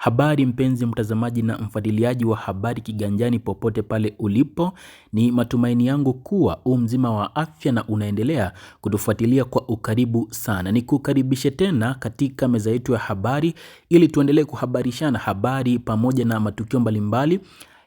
Habari mpenzi mtazamaji na mfuatiliaji wa Habari Kiganjani, popote pale ulipo, ni matumaini yangu kuwa u mzima wa afya na unaendelea kutufuatilia kwa ukaribu sana. Nikukaribishe tena katika meza yetu ya habari ili tuendelee kuhabarishana habari pamoja na matukio mbalimbali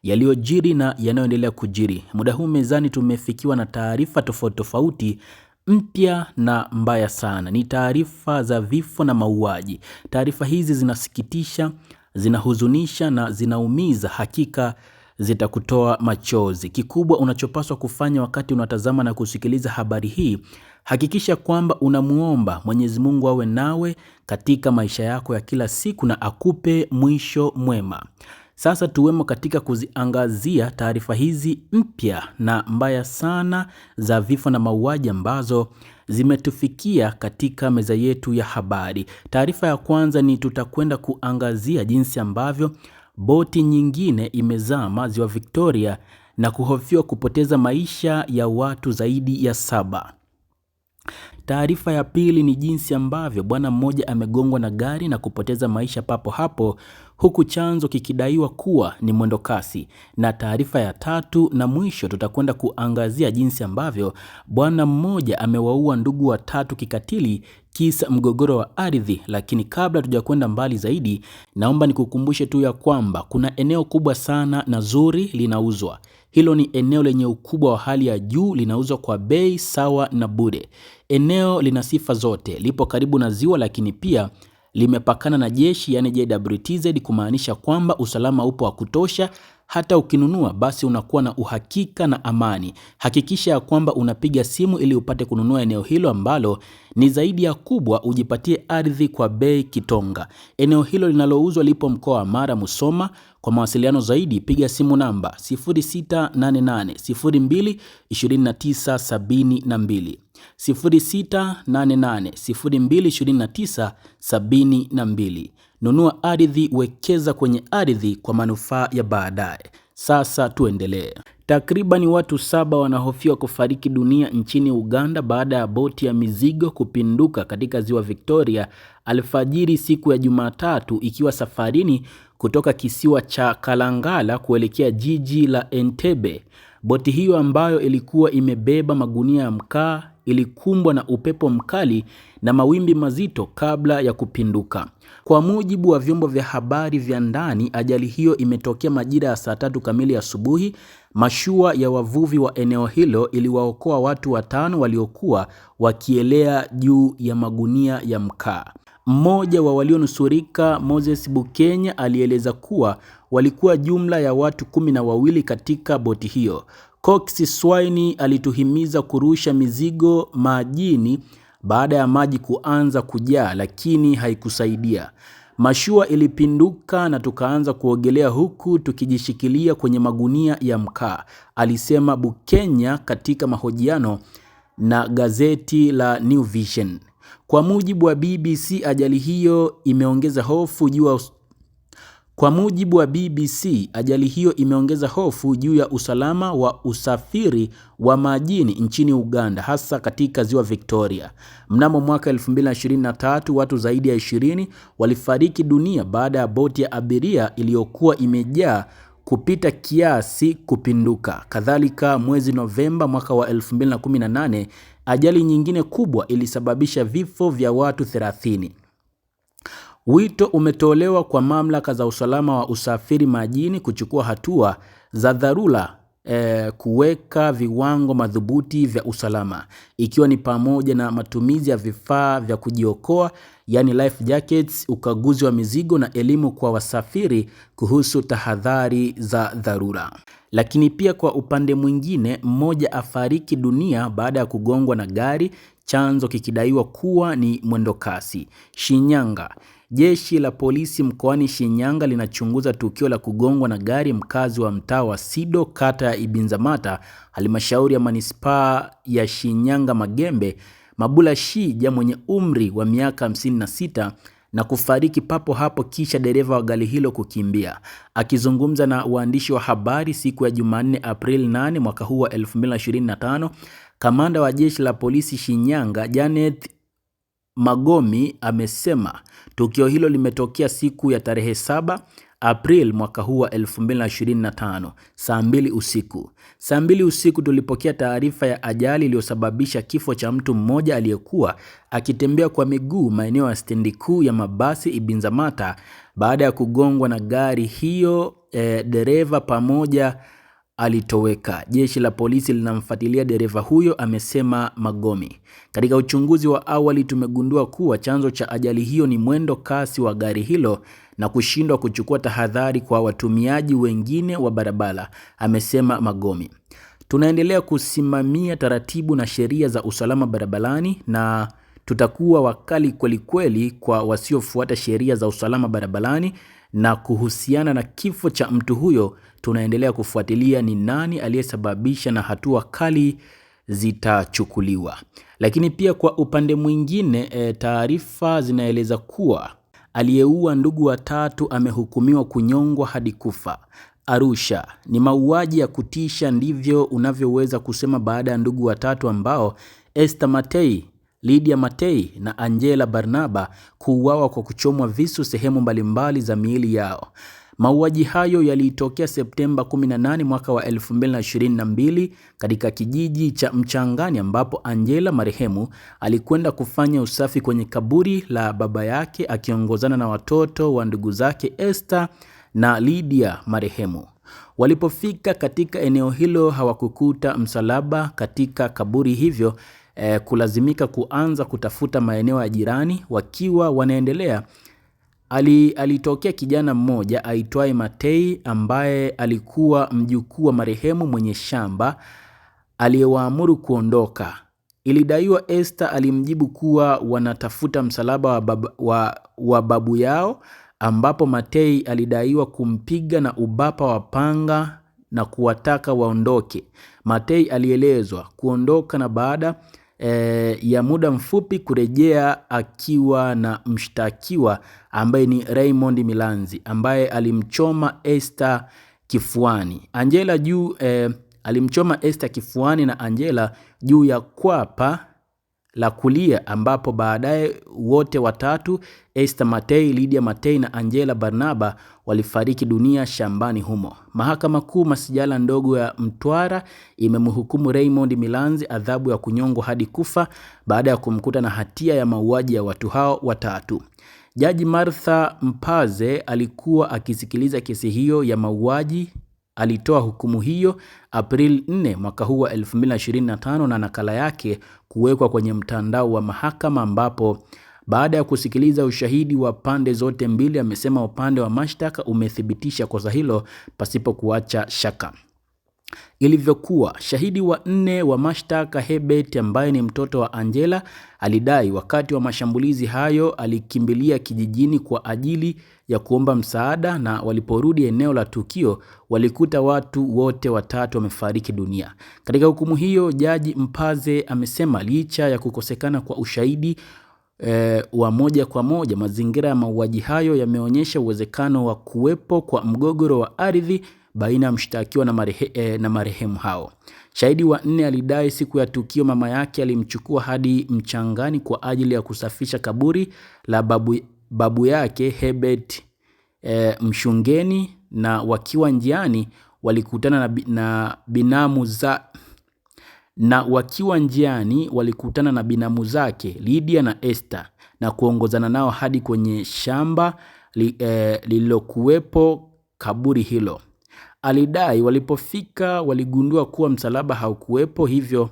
yaliyojiri na yanayoendelea kujiri. Muda huu mezani tumefikiwa na taarifa tofauti tofauti mpya na mbaya sana. Ni taarifa za vifo na mauaji. Taarifa hizi zinasikitisha, zinahuzunisha na zinaumiza, hakika zitakutoa machozi. Kikubwa unachopaswa kufanya wakati unatazama na kusikiliza habari hii, hakikisha kwamba unamwomba Mwenyezi Mungu awe nawe katika maisha yako ya kila siku na akupe mwisho mwema. Sasa tuwemo katika kuziangazia taarifa hizi mpya na mbaya sana za vifo na mauaji ambazo zimetufikia katika meza yetu ya habari. Taarifa ya kwanza ni tutakwenda kuangazia jinsi ambavyo boti nyingine imezama ziwa Victoria na kuhofiwa kupoteza maisha ya watu zaidi ya saba. Taarifa ya pili ni jinsi ambavyo bwana mmoja amegongwa na gari na kupoteza maisha papo hapo huku chanzo kikidaiwa kuwa ni mwendokasi. Na taarifa ya tatu na mwisho, tutakwenda kuangazia jinsi ambavyo bwana mmoja amewaua ndugu watatu kikatili kisa mgogoro wa ardhi. Lakini kabla tujakwenda mbali zaidi, naomba nikukumbushe tu ya kwamba kuna eneo kubwa sana na zuri linauzwa. Hilo ni eneo lenye ukubwa wa hali ya juu, linauzwa kwa bei sawa na bure. Eneo lina sifa zote, lipo karibu na ziwa, lakini pia limepakana na jeshi yani JWTZ, kumaanisha kwamba usalama upo wa kutosha. Hata ukinunua basi unakuwa na uhakika na amani. Hakikisha ya kwamba unapiga simu ili upate kununua eneo hilo ambalo ni zaidi ya kubwa, ujipatie ardhi kwa bei kitonga. Eneo hilo linalouzwa lipo mkoa wa Mara, Musoma. Kwa mawasiliano zaidi piga simu namba 72. 0688 Nunua ardhi, wekeza kwenye ardhi kwa manufaa ya baadaye. Sasa tuendelee. Takribani watu saba wanahofiwa kufariki dunia nchini Uganda baada ya boti ya mizigo kupinduka katika ziwa Victoria alfajiri siku ya Jumatatu ikiwa safarini kutoka kisiwa cha Kalangala kuelekea jiji la Entebbe. Boti hiyo ambayo ilikuwa imebeba magunia ya mkaa ilikumbwa na upepo mkali na mawimbi mazito kabla ya kupinduka. Kwa mujibu wa vyombo vya habari vya ndani, ajali hiyo imetokea majira ya saa tatu kamili asubuhi. Mashua ya wavuvi wa eneo hilo iliwaokoa watu watano waliokuwa wakielea juu ya magunia ya mkaa. Mmoja wa walionusurika Moses Bukenya alieleza kuwa walikuwa jumla ya watu kumi na wawili katika boti hiyo. Cox Swaini alituhimiza kurusha mizigo majini baada ya maji kuanza kujaa, lakini haikusaidia. Mashua ilipinduka na tukaanza kuogelea huku tukijishikilia kwenye magunia ya mkaa, alisema Bukenya katika mahojiano na gazeti la New Vision. Kwa mujibu wa BBC, ajali hiyo imeongeza hofu juu ya kwa mujibu wa BBC, ajali hiyo imeongeza hofu juu ya usalama wa usafiri wa majini nchini Uganda hasa katika Ziwa Victoria. Mnamo mwaka 2023, watu zaidi ya 20 walifariki dunia baada ya boti ya abiria iliyokuwa imejaa kupita kiasi kupinduka. Kadhalika, mwezi Novemba mwaka wa 2018 ajali nyingine kubwa ilisababisha vifo vya watu 30. Wito umetolewa kwa mamlaka za usalama wa usafiri majini kuchukua hatua za dharura e, kuweka viwango madhubuti vya usalama ikiwa ni pamoja na matumizi ya vifaa vya kujiokoa yani life jackets, ukaguzi wa mizigo na elimu kwa wasafiri kuhusu tahadhari za dharura. Lakini pia kwa upande mwingine, mmoja afariki dunia baada ya kugongwa na gari, chanzo kikidaiwa kuwa ni mwendokasi. Shinyanga Jeshi la polisi mkoani Shinyanga linachunguza tukio la kugongwa na gari mkazi wa mtaa wa Sido kata ya Ibinzamata halmashauri ya manispaa ya Shinyanga Magembe Mabula Shija mwenye umri wa miaka 56 na kufariki papo hapo kisha dereva wa gari hilo kukimbia. Akizungumza na waandishi wa habari siku ya Jumanne Aprili 8 mwaka huu wa 2025, Kamanda wa Jeshi la Polisi Shinyanga, Janet Magomi amesema tukio hilo limetokea siku ya tarehe 7 April mwaka huu wa 2025 saa mbili usiku. Saa mbili usiku tulipokea taarifa ya ajali iliyosababisha kifo cha mtu mmoja aliyekuwa akitembea kwa miguu maeneo ya stendi kuu ya mabasi Ibinzamata baada ya kugongwa na gari hiyo, e, dereva pamoja alitoweka. Jeshi la polisi linamfuatilia dereva huyo, amesema Magomi. Katika uchunguzi wa awali, tumegundua kuwa chanzo cha ajali hiyo ni mwendo kasi wa gari hilo na kushindwa kuchukua tahadhari kwa watumiaji wengine wa barabara, amesema Magomi. Tunaendelea kusimamia taratibu na sheria za usalama barabarani na tutakuwa wakali kwelikweli kwa wasiofuata sheria za usalama barabarani na kuhusiana na kifo cha mtu huyo, tunaendelea kufuatilia ni nani aliyesababisha na hatua kali zitachukuliwa. Lakini pia kwa upande mwingine e, taarifa zinaeleza kuwa aliyeua ndugu watatu amehukumiwa kunyongwa hadi kufa Arusha. Ni mauaji ya kutisha, ndivyo unavyoweza kusema baada ya ndugu watatu ambao Esther Matei Lydia Matei na Angela Barnaba kuuawa kwa kuchomwa visu sehemu mbalimbali za miili yao. Mauaji hayo yalitokea Septemba 18 mwaka wa 2022 katika kijiji cha Mchangani ambapo Angela marehemu alikwenda kufanya usafi kwenye kaburi la baba yake akiongozana na watoto wa ndugu zake Esther na Lydia marehemu. Walipofika katika eneo hilo hawakukuta msalaba katika kaburi hivyo e, kulazimika kuanza kutafuta maeneo ya jirani. Wakiwa wanaendelea alitokea kijana mmoja aitwaye Matei ambaye alikuwa mjukuu wa marehemu mwenye shamba aliyewaamuru kuondoka. Ilidaiwa Esther alimjibu kuwa wanatafuta msalaba wa babu, wa, wa babu yao ambapo Matei alidaiwa kumpiga na ubapa wa panga na kuwataka waondoke. Matei alielezwa kuondoka na baada e, ya muda mfupi kurejea akiwa na mshtakiwa ambaye ni Raymond Milanzi ambaye alimchoma Esther kifuani. Angela juu e, alimchoma Esther kifuani na Angela juu ya kwapa la kulia ambapo baadaye wote watatu Esther Matei, Lydia Matei na Angela Barnaba walifariki dunia shambani humo. Mahakama Kuu masijala ndogo ya Mtwara imemhukumu Raymond Milanzi adhabu ya kunyongwa hadi kufa baada ya kumkuta na hatia ya mauaji ya watu hao watatu. Jaji Martha Mpaze alikuwa akisikiliza kesi hiyo ya mauaji Alitoa hukumu hiyo Aprili 4 mwaka huu wa 2025 na nakala yake kuwekwa kwenye mtandao wa mahakama ambapo baada ya kusikiliza ushahidi wa pande zote mbili, amesema upande wa mashtaka umethibitisha kosa hilo pasipo kuacha shaka ilivyokuwa. Shahidi wa nne wa mashtaka Hebert, ambaye ni mtoto wa Angela, alidai wakati wa mashambulizi hayo alikimbilia kijijini kwa ajili ya kuomba msaada, na waliporudi eneo la tukio walikuta watu wote watatu wamefariki dunia. Katika hukumu hiyo, jaji Mpaze amesema licha ya kukosekana kwa ushahidi E, wa moja kwa moja, mazingira ya mauaji hayo yameonyesha uwezekano wa kuwepo kwa mgogoro wa ardhi baina ya mshtakiwa na, marehe, eh, na marehemu hao. Shahidi wa nne alidai siku ya tukio mama yake alimchukua hadi mchangani kwa ajili ya kusafisha kaburi la babu, babu yake Herbert eh, Mshungeni na wakiwa njiani walikutana na, na binamu za na wakiwa njiani walikutana na binamu zake Lydia na Esther na kuongozana nao hadi kwenye shamba li, eh, lililokuwepo kaburi hilo. Alidai walipofika waligundua kuwa msalaba haukuwepo, hivyo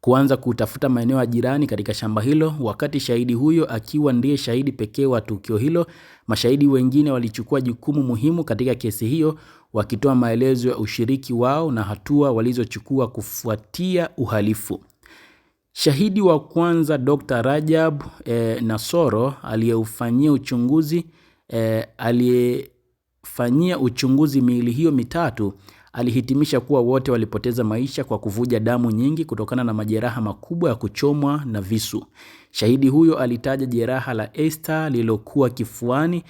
kuanza kutafuta maeneo ya jirani katika shamba hilo. Wakati shahidi huyo akiwa ndiye shahidi pekee wa tukio hilo, mashahidi wengine walichukua jukumu muhimu katika kesi hiyo, wakitoa maelezo ya ushiriki wao na hatua walizochukua kufuatia uhalifu. Shahidi wa kwanza Dr. Rajab eh, Nasoro aliyeufanyia uchunguzi eh, aliye kufanyia uchunguzi miili hiyo mitatu, alihitimisha kuwa wote walipoteza maisha kwa kuvuja damu nyingi kutokana na majeraha makubwa ya kuchomwa na visu. Shahidi huyo alitaja jeraha la Esther lililokuwa kifuani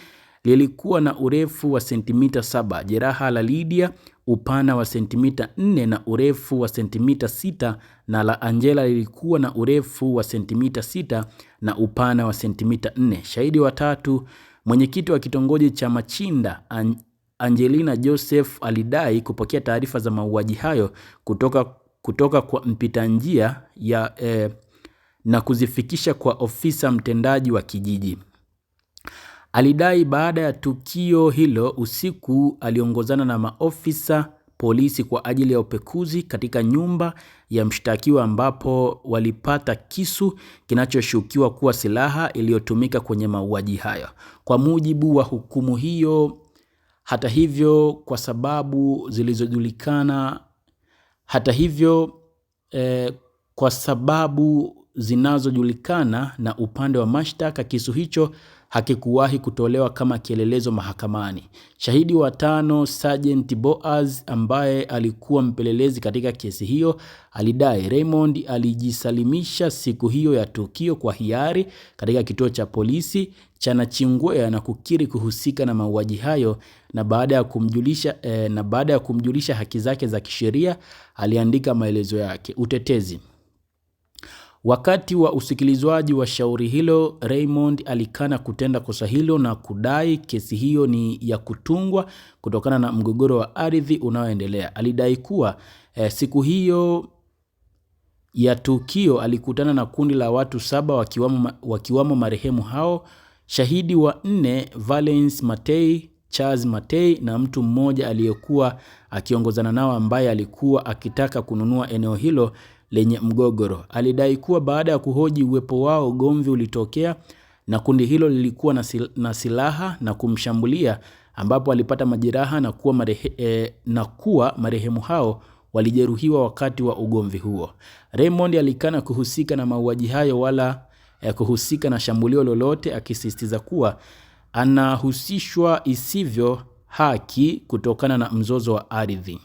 lilikuwa na urefu wa sentimita saba, jeraha la Lydia upana wa sentimita nne na urefu wa sentimita sita, na la Angela lilikuwa na urefu wa sentimita sita na upana wa sentimita nne. Shahidi watatu Mwenyekiti wa kitongoji cha Machinda Angelina Joseph alidai kupokea taarifa za mauaji hayo kutoka, kutoka kwa mpita njia ya eh, na kuzifikisha kwa ofisa mtendaji wa kijiji. Alidai baada ya tukio hilo usiku aliongozana na maofisa polisi kwa ajili ya upekuzi katika nyumba ya mshtakiwa ambapo walipata kisu kinachoshukiwa kuwa silaha iliyotumika kwenye mauaji hayo. Kwa mujibu wa hukumu hiyo, hata hivyo, kwa sababu zilizojulikana, hata hivyo eh, kwa sababu zinazojulikana na upande wa mashtaka, kisu hicho hakikuwahi kutolewa kama kielelezo mahakamani. Shahidi wa tano, Sergeant Boaz, ambaye alikuwa mpelelezi katika kesi hiyo, alidai Raymond alijisalimisha siku hiyo ya tukio kwa hiari katika kituo cha polisi cha Nachingwea na kukiri kuhusika na mauaji hayo, na baada ya kumjulisha, eh, na baada ya kumjulisha haki zake za kisheria aliandika maelezo yake. Utetezi. Wakati wa usikilizwaji wa shauri hilo, Raymond alikana kutenda kosa hilo na kudai kesi hiyo ni ya kutungwa kutokana na mgogoro wa ardhi unaoendelea. Alidai kuwa eh, siku hiyo ya tukio alikutana na kundi la watu saba wakiwamo, wakiwamo marehemu hao shahidi wa nne Valence Matei, Charles Matei na mtu mmoja aliyekuwa akiongozana nao ambaye alikuwa akitaka kununua eneo hilo lenye mgogoro. Alidai kuwa baada ya kuhoji uwepo wao, ugomvi ulitokea na kundi hilo lilikuwa na, sil na silaha na kumshambulia ambapo alipata majeraha na kuwa, marehe, e, na kuwa marehemu hao walijeruhiwa wakati wa ugomvi huo. Raymond alikana kuhusika na mauaji hayo wala e, kuhusika na shambulio lolote, akisisitiza kuwa anahusishwa isivyo haki kutokana na mzozo wa ardhi.